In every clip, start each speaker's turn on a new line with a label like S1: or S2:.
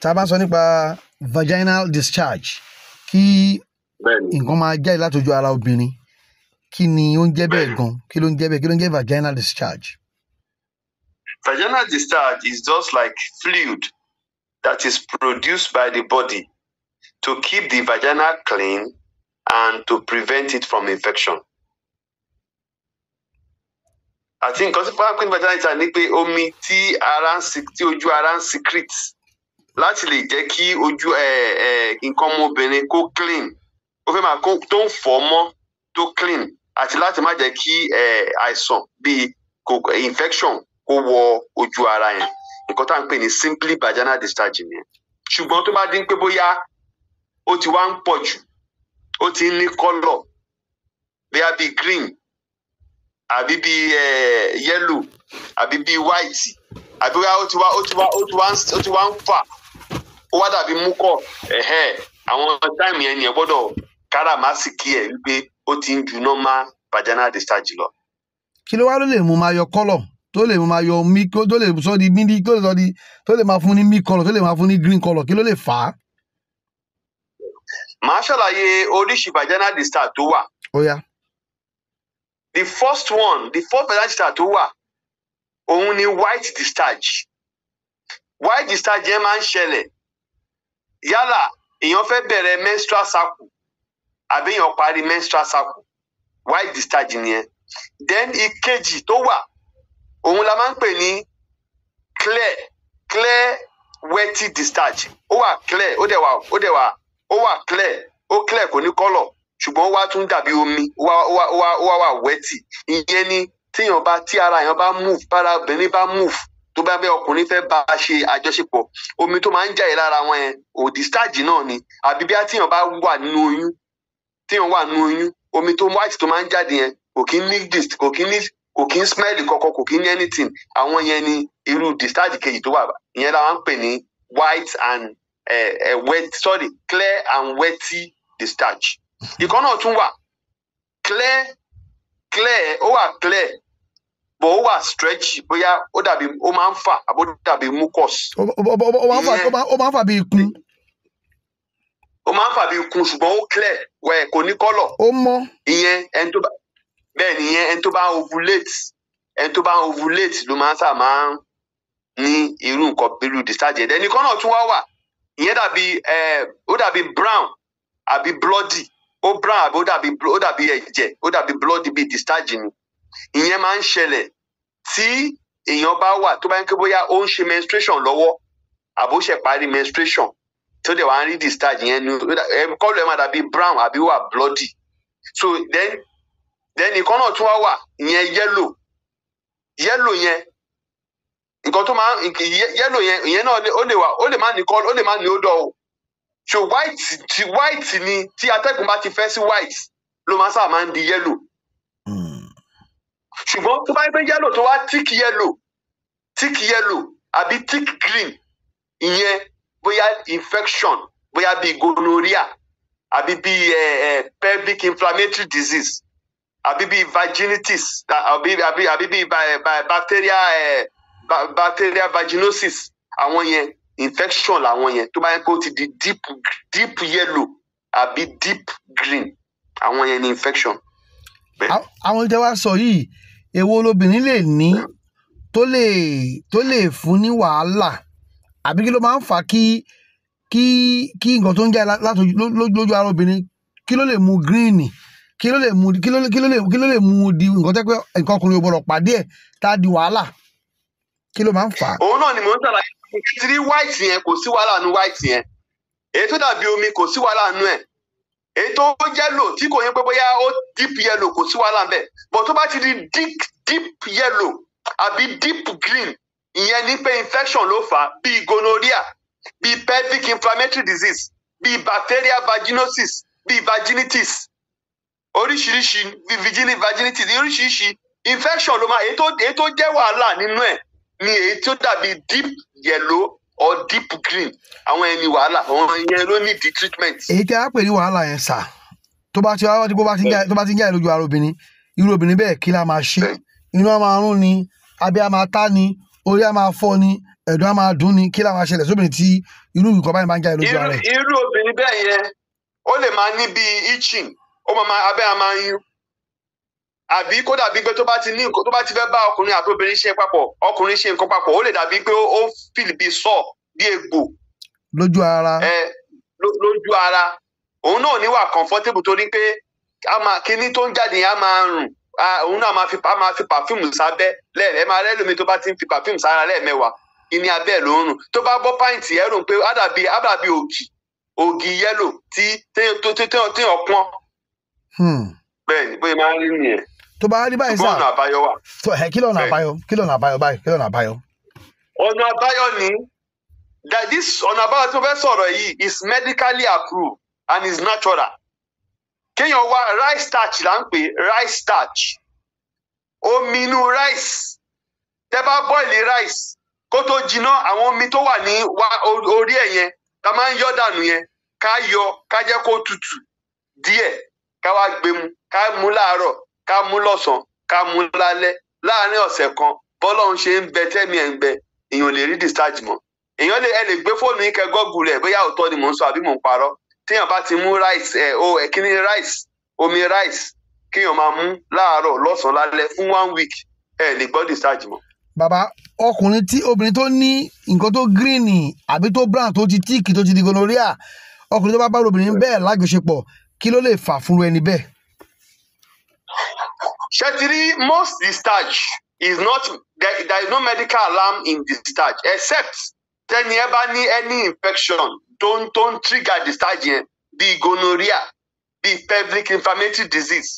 S1: tá sọ nípa vaginal discharge kí nǹkan máa jáde látọjú ara obìnrin kí ni ó ń jẹ́ bẹ́ẹ̀ gan kí ló ń jẹ́ bẹ́ẹ̀ kí ló ń jẹ́ vaginal discharge.
S2: Vaginal discharge is just like fluid that is produced by the body to keep the vagina clean and to prevent it from infection. àti nǹkan tí pápákọ̀ vaginal discharge ni pé omi tí ara ń tí ojú ara ń secrete láti lè jẹ́ kí ojú nǹkan ọmọbìnrin kó clean ó fẹ́ máa kó tó ń fọ́ mọ́ tó clean àti láti má jẹ́ kí àìsàn bíi infection kó wọ ojú ara yẹn nǹkan tá à ń pè ní simply vaginal discharge nìyẹn ṣùgbọ́n tó bá dín pé bóyá ó ti wá ń pọ̀ jù ó ti ń ní kọ́lọ̀ bóyá bíi green àbí bíi yellow àbí bíi white àbí bóyá ó ti wá ó ti wá ń fà ó wá dàbí múkọ àwọn táìmù yẹn ni ẹ gbọ́dọ̀ káràmásìkí ẹ wípé ó ti ń ju nọ́mà vaginal discharge lọ.
S1: kí ló wá ló lè mú máa yọ kọ́lọ̀ tó lè máa yọ mí tó lè sọ di mí tó lè sọ di tó lè máa fún ní mí kọ́lọ̀ tó lè máa fún ní green kọ́lọ̀ kí ló lè fà á.
S2: màá ṣàlàyé oríṣi vaginal discharge tó wà. ó yá. the first one the first vaginal discharge tó wà òun ni white discharge white discharge yẹn máa ń ṣẹlẹ̀ yálà èèyàn fẹ́ bẹ̀rẹ̀ menstrual cycle àbí èèyàn parí menstrual cycle white discharge nìyẹn then ìkejì tó wà òun la máa ń pè ní clear clear wetty discharge ó wà clear ó dẹ̀ wà ó dẹ̀ wà ó wà clear ó clear kò ní kọ́lọ̀ ṣùgbọ́n ó wá tún dàbí omi ó wá ó wá ó wá wà wetty ìyẹn ni tíyàn bá tí ara èèyàn bá move bára obìnrin bá move tó bá bẹ ọkùnrin fẹ́ bá a ṣe àjọṣepọ̀ omi tó máa ń jáde lára wọn yẹn òdì starch náà ni àbí bí àtìyàn bá wà nínú oyún tíyàn wà nínú oyún omi tó white tó máa ń jáde yẹn kò kí ní gist kò kí ní kò kí ń smell kankan kò kí ní anything àwọn yẹn ni irú discharge kejì tó wà ìyẹn la ń pè ní white and uh, uh, wet sorry clear and wetty discharge ìkan náà tún wà clear clear ó wà clear bọ̀ ó wà stretch bóyá ó dàbí ó máa ń fà àbó dàbí mucus. ó
S1: máa ń fà ó máa ń fà bí ikun.
S2: ó máa ń fà bí ikun ṣùgbọ́n ó clear wẹ̀ kò ní kọ́lọ̀. ó mọ́. ìyẹn ẹni tó bá bẹ́ẹ̀ nìyẹn ẹni tó bá ovulate ẹni tó bá ovulate ló máa ń sà máa ń ní irú nǹkan irú discharge ẹ̀dẹ̀ nìkan náà tún wá wà ìyẹn dàbí ó dàbí brown àbí bloody ó brown àbí ó dàbí ẹ̀jẹ̀ ó dàbí bloody bíi discharge ni ìyẹn máa ń ṣẹlẹ̀ tí èèyàn bá wà tó bá ń ké bóyá ó ń ṣe menstruation lọ́wọ́ àbó ṣe parí menstruation tó dẹ̀ wá ń rí discharge yẹn nu kọ́lù ẹ̀ máa dàbí brown àbí wà bloody so then then nǹkan náà tún wá wà ìyẹn yẹ́lò yellow, yẹn nǹkan tó máa yẹ́lò yẹn ìyẹn náà ó lè wà ó lè má ní kọ́lù ó lè má ní ó dọ̀ o so white ti white ni tí atẹ́gùn bá ti fẹ́ sí white ló máa sábà máa ń di yellow ṣùgbọ́n tó bá gbé yẹ́lò tó wá tick yellow tick yellow àbí tick green ìyẹn bóyá infection bóyá bíi gonorrhea àbí bíi pelvic inflammatory disease àbí bíi vaginitis àbí àbí àbí bíi bacterial Bacteria vaginosis àwọn yẹn infection làwọn yẹn tó bá yẹ kó ti di deep deep yellow àbí deep green àwọn yẹn ni infection.
S1: àwọn tẹ wá sọ yìí èwo lobìnrin lè ní tó lè tó lè fún ní wàhálà àbí kí ló máa ń fà á kí kí kí nǹkan tó ń jáde lójú ara obìnrin kí ló lè mu gírínì kí ló lè mu kí ló lè kí ló lè kí ló lè mu di nǹkan tẹ́ pé nǹkan ọkùnrin ò gbọdọ̀ pàdé ẹ̀ tá a di wàhálà kí ló máa ń fà òun náà ni mò
S2: ń ṣàlàyé títí white yẹn kò sí wàhálà nu white yẹn èyí tó dàbí omi kò sí wàhálà nu ẹ̀ èyí tó yẹ́lò tí kò yẹ pé bóyá ó deep yellow kò sí wàhálà ńbẹ̀ but tó bá ti di deep deep yellow àbí deep green ìyẹn ni pé infection ló fà á bíi gonorrhea bíi pelvic inflammatory disease bíi bacterial vaginosis bíi vaginitis oríṣiríṣi virginity vaginitis. oríṣiríṣi infection ló máa èyí tó jẹ́ wàhálà nínú ẹ̀ ni èyí tó dàbí deep yellow or deep green àwọn ẹni wàhálà àwọn yẹn ló ní di treatment.
S1: èyí tí a pè ní wàhálà yẹn sà tó bá ti wá tó bá ti ń jáde lójú ara obìnrin irú obìnrin bẹ́ẹ̀ kí la máa ṣe inú a máa rún ni abẹ́ á máa tá ni orí á máa fọ́ ni ẹ̀dùn á máa dùn ni kí la máa ṣẹlẹ̀ sóbìnrin tí irú nǹkan báyìí máa ń jáde lójú ara rẹ̀.
S2: irú obìnrin bẹ́ẹ̀ yẹn ó lè máa ní bíi itching ó máa abẹ́ á máa yún àbí kó dàbí pé tó bá ti ní nǹkan tó bá ti fẹ́ bá ọkùnrin àti obìnrin ṣe papọ̀ ọkùnrin ṣe nǹkan papọ̀ ó lè dàbí pé ó fìlì bíi sọ bíi egbò. lójú ara. ẹ lójú ara òun náà níwà comfortable torí pé kíní tó ń jáde yẹn á máa rùn òun náà a máa fi perfume sábẹ́ lẹ́ẹ̀ẹ́ máa rẹ́ lómi tó bá ti ń fi perfume sára lẹ́ẹ̀mẹ́wàá ìní abẹ́ ló ń rùn tó bá bọ́ pàǹtì ẹ̀rù pé àdàbí àdàbí ògì ògì yẹ́lò tí téèyàn
S1: pọ́n.
S2: bẹ́ẹ̀ ni bóyá máa ń rí nìyẹn tó bá rí báyìí sáà
S1: kí lọ́nà eh, eh. àbáyọ kí lọ́nà àbáyọ báyìí kí lọ́nà àbáyọ.
S2: ọ̀nà àbáyọ ni that this ọ̀nà àbáyọ tí mo fẹ́ sọ̀rọ̀ yìí is medically approved and is natural kéèyàn wá rice starch là ń pè rice starch omi inú rice tẹ́ bá bọ́ìlì rice kó tó jiná àwọn omi tó wà ní orí ẹ̀ yẹn ká máa ń yọ dànù yẹn ká yọ ká jẹ́ kó tutù díẹ̀ ká wá gbé mu ká mu láàárọ̀ ká mú lọ́sàn-án ká mú lálẹ́ láàárín ọ̀sẹ̀ kan bọ́lọ́run ṣe ń bẹ tẹ́mi ẹ̀ ń bẹ èèyàn lè rí discharge mọ́ èèyàn lè ẹ lè gbé fóònù yín kẹ gọ́ọ̀gù rẹ̀ bóyá òótọ́ ni mò ń sọ àbí mò ń parọ́ téèyàn bá ti mú rice ẹ o ẹ kí ni rice omi rice kéèyàn máa mú láàárọ̀ lọ́sàn-án lálẹ́ fún one week ẹ lè gbọ́ discharge
S1: mọ́. bàbá ọkùnrin tí obìnrin tó ní nǹkan tó green àbí tó brown tó ti tíìkì tó ti di gonorrhea ọkùnrin tó bá bá obìnrin bẹ́ẹ̀ lájọṣepọ̀ kí ló lè fà fún ẹni bẹ́ẹ̀
S2: ṣẹtiri most discharge is not there, there is no medical alarm in discharge except tẹni ẹ bá ní any infection tó ń tó ń trigger the starch yẹn gonorrhea bíi pelvic inflammatory disease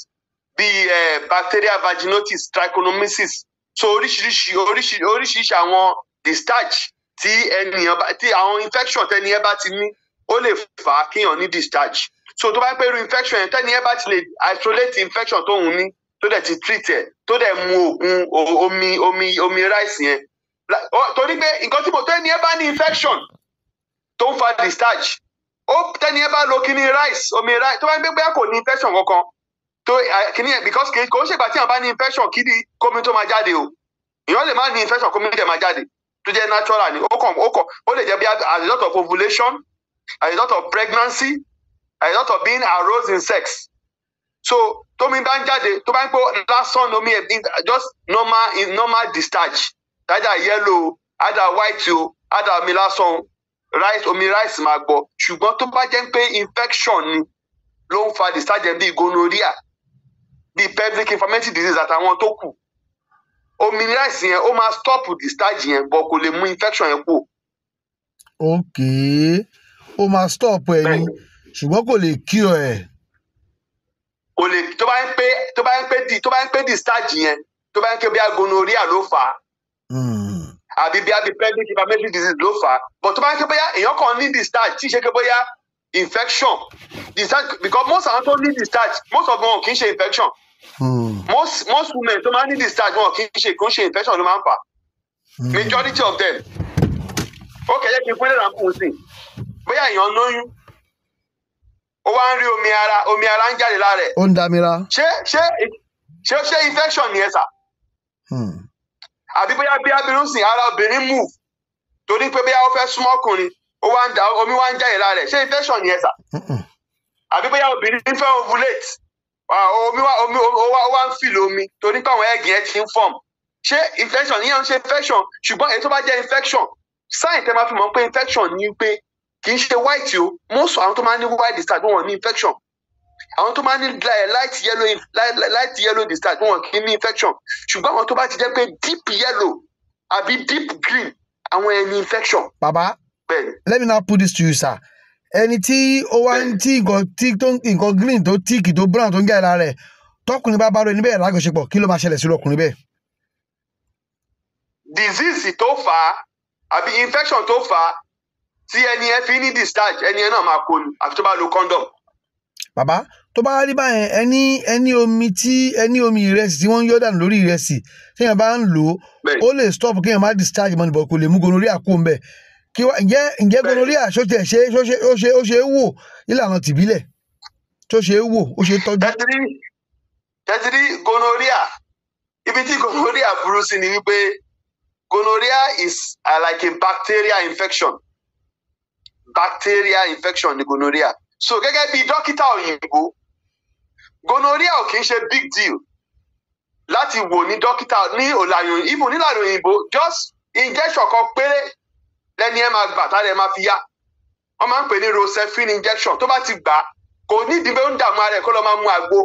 S2: bíi uh, bacterial vaginosis trichomoniasis so oríṣiríṣi oríṣiríṣi oríṣiríṣi àwọn the starch tí ènìyàn bá tí àwọn infection tẹni ẹ bá ti ní ó lè fà á kéèyàn ní discharge so tó bá pẹ́ irú infection yẹn tẹ́ni ẹ bá ti lè isolate infection tóun ní tó dẹ̀ ti treat ẹ̀ tó dẹ̀ mu oògùn omi omi omi rice yẹn torí pé nǹkan tí mo tẹ́ni ẹ bá ní infection tó ń fa discharge ó tẹ́ni ẹ bá lo kíní rice omi rice tó bá ń gbé pé kò ní infection kankan tó kíní yẹn because kò ń ṣègbà tí àwọn bá ní infection kíni kómi tó máa jáde o ìyọ́n lè má ní infection kómi tó máa jáde tó jẹ́ natural ni ó kàn ó kàn ó lè jẹ́ bí a result of ovulation a result of pregnancy a result of being aroused in sex so tómi bá ń jáde tó bá ń pọ lásán lomi ẹ just normal normal discharge either yellow either white o either omi lásán rice omi rice máa gbọ ṣùgbọ́n tó bá jẹ́ pé infection ni ló ń fa discharge bíi gonorrhea bíi pelvic inflammatory disease àtàwọn tó kù omi rice yẹn ó máa stop discharge yẹn bọ kò lè mú infection yẹn kù.
S1: ok ó máa stop ẹyin ṣùgbọ́n kò lè cure ẹ̀
S2: o lè tó bá ń pé tó bá ń pé di tó bá ń pé di starch yẹn tó bá ń pé bí agonorrhea ló fà á hmm. àbí bí abipedic inflammatory disease ló fà á but tó bá ń pé bóyá èèyàn kan ní di starch tí ì ṣe pé bóyá infection di starch because most àwọn tó ní di starch most of wọn kì í ṣe infection hmm. most most women tó máa ní di starch wọn kì í ṣe kì í ṣe infection ló máa ń fà hmm. majority of them ó kẹ́yẹ́ kí n pín lẹ́ra kùn sí bóyá èèyàn lóyún ó wá ń rí omi ara omi ara ń jáde lára ẹ̀. ó ń damira. ṣé ṣé ṣé ṣé infection ni ẹ sà. Hmm. àbí bóyá bí abirùn sìn ara obìnrin move torí pé bóyá ó fẹ́ súnmọ́ ọkùnrin ó wá ń da omi wá ń jáde lára ẹ̀ ṣé infection ni ẹ sà. àbí bóyá obìnrin fẹ́ ovulate omi wa omi ó wá ń fìlò omi torí pé àwọn egg yẹn ti ń form ṣé infection ìyẹn ń ṣe infection ṣùgbọ́n èyí tó bá jẹ́ infection sign tẹ́ máa fi mọ̀ pé infection ni pé kì ṣe white o most àwọn tó máa ní white discharge wọn ní infection àwọn tó máa ní light yellow light yellow discharge wọn kì í ní infection ṣùgbọ́n àwọn tó bá ti jẹ́ pé deep yellow àbí deep green
S1: àwọn ẹni infection. Baba. bàbá let me now put this to you sir ẹni tí ó wá ń tí nǹkan green tó tíìkì tó brown tó ń gé ara rẹ̀ tọkùnrin bá bá rẹ níbẹ̀ lágọ̀ṣepọ̀ kí ló máa ṣẹlẹ̀ sí ọkùnrin bẹ́ẹ̀.
S2: disease tó fà á àbí infection tó fà á tí ẹni ẹ fi ní discharge ẹni ẹ náà máa kó ni àfi tó bá lo condom.
S1: bàbá tó bá rí báyẹn ẹni ẹni omi tí ẹni omi ìrẹsì tí wọ́n ń yọ dànù lórí ìrẹsì téèyàn bá ń lò ó ó lè stop kéèyàn má discharge mọ́ni bọ̀ kò lè mú gonorrhea kó ń bẹ̀ kí wá ǹjẹ́ ǹjẹ́ gonorrhea ṣó tiẹ̀ ṣe ó ṣe ó ṣe ó ṣe é wò nílànà tìbílẹ̀ tó ṣe é wò ó ṣe tọ́jú. tẹ́tìrí
S2: tẹ́tìrí gonorrhea
S1: ibi tí gonorrhea burú sí ni wípé
S2: gonorrhea is uh, like a bacterial infection bacterial infection ni gonorrhea so gẹ́gẹ́ bí dókítà òyìnbó gonorrhea ò kì í ṣe big deal láti wò ní dókítà ní ìlànà ìbò nílànà òyìnbó just injection kan péré lẹ́ni ẹ̀ máa gbà tálẹ̀ máa fi yá wọ́n máa ń pè ní rosephine injection tó bá ti gbà kò nídìí pé ó ń dààmú ara ẹ̀ kó lọ́ọ́ máa mu àgbo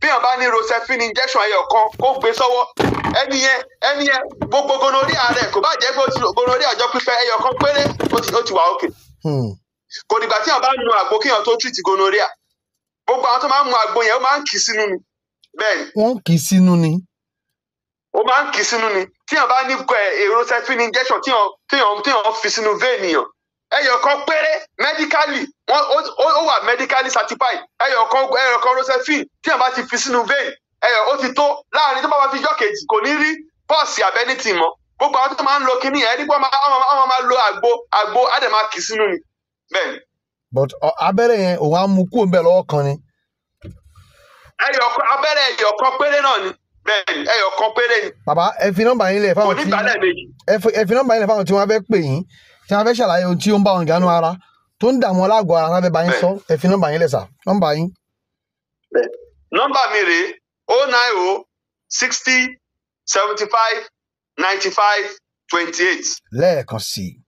S2: bí wọ́n bá ní rosephine injection ẹyọ kan kó gbé sọ́wọ́ ẹni yẹn ẹni yẹn gbogbo gonorrhea rẹ̀ kò bá jẹ́ pé gonorrhea ọjọ́ pípẹ́ ẹyọ kan péré ó ti wà ókè. Hmm. kò dìgbà tí èèyàn bá nu àgbo kéèyàn tó treat gonorrhea gbogbo àwọn tó máa ń mu àgbo yẹn ó máa ń kì í sínú ni bẹ́ẹ̀ ni. wọ́n
S1: kì í sínú ni.
S2: ó máa ń kì í sínú ni tí èèyàn bá ní èrò sephin injection tí èèyàn fi sínú vein yàn ẹyọkan péré medically wọn ó wà medically certified ẹyọkan ẹyọkan rosefin tí èèyàn bá ti fi sínú vein ẹyọ ó ti tó láàrin tó bá wá fi jọ́ kejì kò ní rí pọ́ọ̀sì abẹ́nítì mọ́ gbogbo àwọn tó máa ń lo kinní yẹn máa lo àgbo àgbo á máa
S1: but abẹ́rẹ́ yẹn òun á mú kúrò kan ni.
S2: abẹ́rẹ́ ẹyọ péré ni bẹ́ẹ̀ ni péré ni.
S1: bàbá ẹ fi nọ́mbà yín lẹ̀ fáwọn tí ẹ fi yín fáwọn wọ́n pè yín ara tó ń dààmú ara sọ ẹ fi nọmba yín sà
S2: o o oh 95 28. lẹ́ẹ̀kan sí i.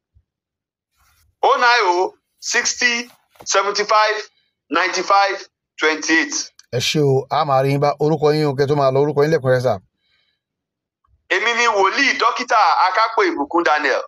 S2: 090 60 75 95 28.
S1: ẹ ṣé o a máa rí yín bá orúkọ yín o kẹ́ tó máa lọ orúkọ yín lẹ́kùnrẹ́rẹ́ sà.
S2: èmi ni wòlíì dókítà akápò ìbùkún Daniel.